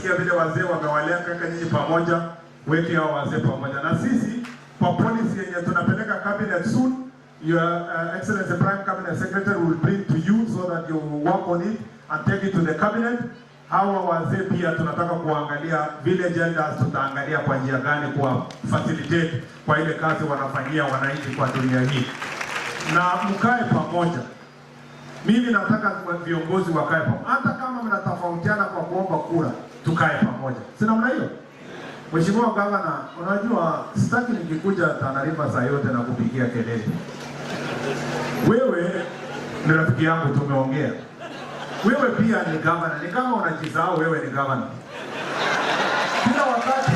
Kia vile wazee wamewalea kaka nyinyi pamoja, weke hao wazee pamoja na sisi kwa policy yenye tunapeleka cabinet soon. Your uh, Excellency Prime Cabinet Secretary will bring to you so that you work on it and take it to the cabinet. Hawa wazee pia tunataka kuangalia vile genders, tutaangalia kwa njia gani kwa facilitate kwa ile kazi wanafanyia wananchi kwa dunia hii, na mkae pamoja. Mimi nataka viongozi wakae pamoja, hata kama mnatofautiana kwa kuomba kura tukae pamoja, si namna hiyo? Mheshimiwa Gavana, unajua sitaki nikikuja Tana River saa yote na kupigia kelele. Wewe ni rafiki yangu, tumeongea. Wewe pia ni gavana, ni kama unajisahau wewe ni gavana. Kila wakati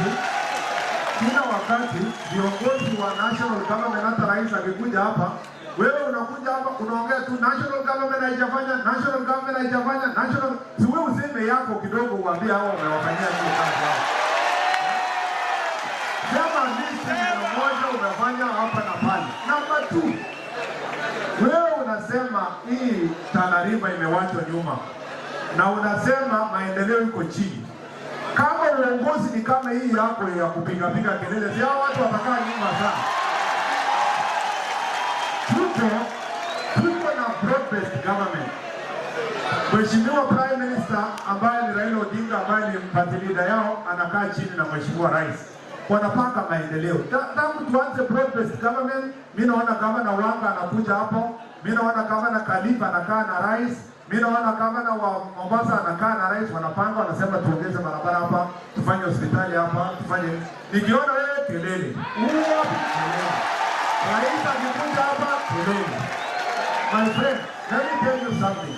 kila wakati viongozi wa national government, hata rais akikuja hapa wewe unakuja hapa unaongea tu national government haijafanya, national government haijafanya, national si wewe useme yako kidogo, uambie hao wamewafanyia hiyo kazi hao. Kama mimi mmoja unafanya hapa na pale. Namba 2. Wewe unasema hii Tana River imewachwa nyuma. Na unasema maendeleo iko chini. Kama uongozi ni kama hii yako ya kupiga piga kelele, hao watu watakaa nyuma sana wote tuko na broad-based government. Mheshimiwa Prime Minister ambaye ni Raila Odinga ambaye ni mpatiliza yao anakaa chini na Mheshimiwa Rais wanapanga maendeleo. Tangu tuanze broad-based government, mimi naona kama na Wanga anakuja hapo, mimi naona kama na Kalifa anakaa na rais, mimi naona gavana wa Mombasa anakaa na rais, wanapanga wanasema, tuongeze barabara hapa, tufanye hospitali hapa, tufanye nikiona wewe kelele doing. My friend, let me tell you something.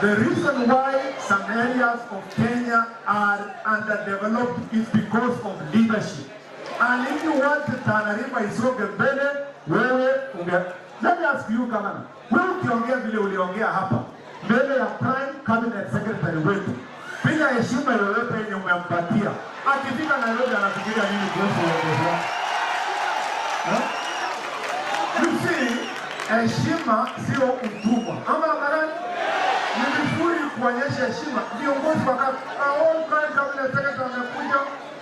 The reason why some areas of Kenya are underdeveloped is because of leadership. And if you want Tana River isonge mbele, wewe unge... Let me ask you Gavana, wewe ukiongea vile uliongea hapa mbele ya prime cabinet secretary wetu bila heshima yoyote yenye umempatia, akifika Nairobi anafikiria nini kuhusu uongozi wake? Heshima sio utumwa. Ama barani ni vizuri kuonyesha heshima. Viongozi wamekuja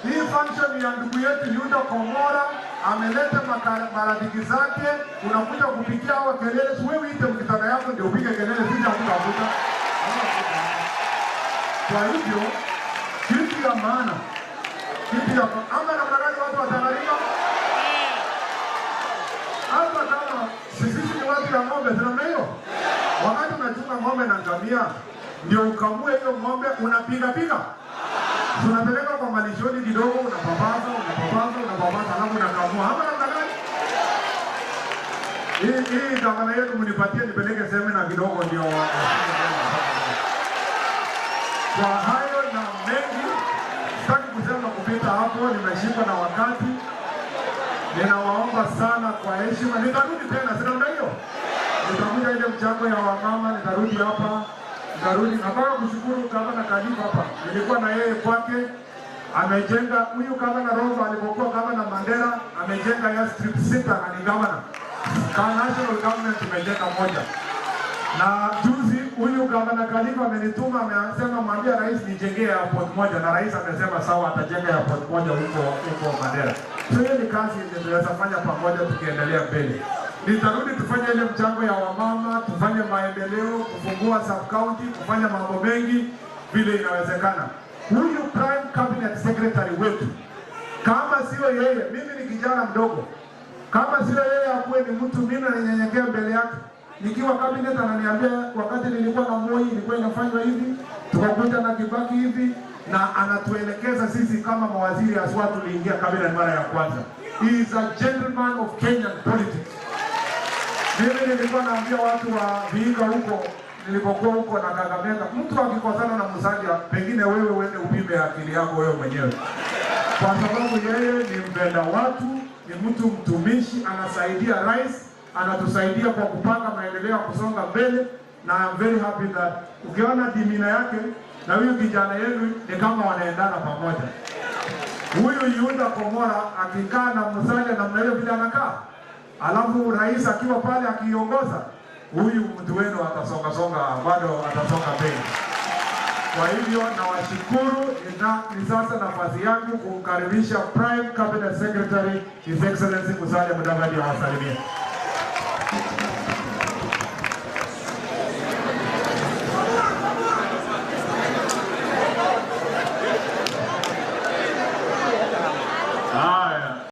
hii function ya ndugu yetu Yuda Komora ameleta maradiki zake, unakuja kupigia hawa kelele. Wewe ite mkitana yako ndio upige kelele, sijakukavuta. Kwa hivyo kitu ya maana, kitu ya ama Sisi ni watu ya ng'ombe, si namna Wakati unachunga ng'ombe na ngamia, ndio ukamue hiyo ng'ombe, unapiga piga, Tunapeleka kwa malishoni kidogo, unapapaza unapapaza unapapaza, alafu unakamua. Hapa na ndani. Hii hii dhamana yetu, mnipatie nipeleke semina kidogo, ndio kwa hayo na mengi sitaki kusema kupita hapo, nimeshika na wakati. Ninawaomba sana kwa heshima, nitarudi tena, sina muda hiyo, nitakuja ile mchango ya wamama, nitarudi hapa, nitarudi. Nataka kushukuru gavana Kalivu hapa, nilikuwa na yeye kwake, amejenga huyu gavana Roba alipokuwa gavana Mandela, amejenga ya strip sita na ni gavana ka national government tumejenga moja na juzi huyu gavana Kalivu amenituma amesema, mwambia rais nijengee airport moja, na rais amesema sawa, atajenga airport moja huko huko Mandela hiyo ni kazi yenye tunaweza pamoja, tukiendelea mbele. Nitarudi tufanye ile mchango ya wamama, tufanye maendeleo, kufungua sub county, kufanya mambo mengi vile inawezekana. Huyu prime cabinet secretary wetu, kama sio yeye, mimi ni kijana mdogo, kama sio yeye akuwe ni mtu, mimi nanyenyekea mbele yake nikiwa cabinet ananiambia, wakati nilikuwa na Moi ilikuwa inafanywa hivi, tukakuta na Kibaki hivi na anatuelekeza sisi kama mawaziri haswa tuliingia Kabila mara ya kwanza. He is a gentleman of Kenyan politics. Mimi nilikuwa naambia watu wa Vihiga huko nilipokuwa huko na Kakamega, mtu akikosana na Musalia, pengine wewe uende upime akili yako wewe mwenyewe, kwa sababu yeye ni mpenda watu, ni mtu mtumishi, anasaidia rais, anatusaidia kwa kupanga maendeleo ya kusonga mbele, na I'm very happy that ukiona dimina yake na huyu kijana yenu ni kama wanaendana pamoja. Huyu Yuda Komora akikaa na Musalia namna hiyo vile anakaa, alafu rais akiwa pale akiongoza, huyu mtu wenu atasongasonga, bado atasonga mbele. Kwa hivyo nawashukuru, ni sasa nafasi yangu kumkaribisha Prime Cabinet Secretary His Excellency Musalia Mudavadi awasalimie.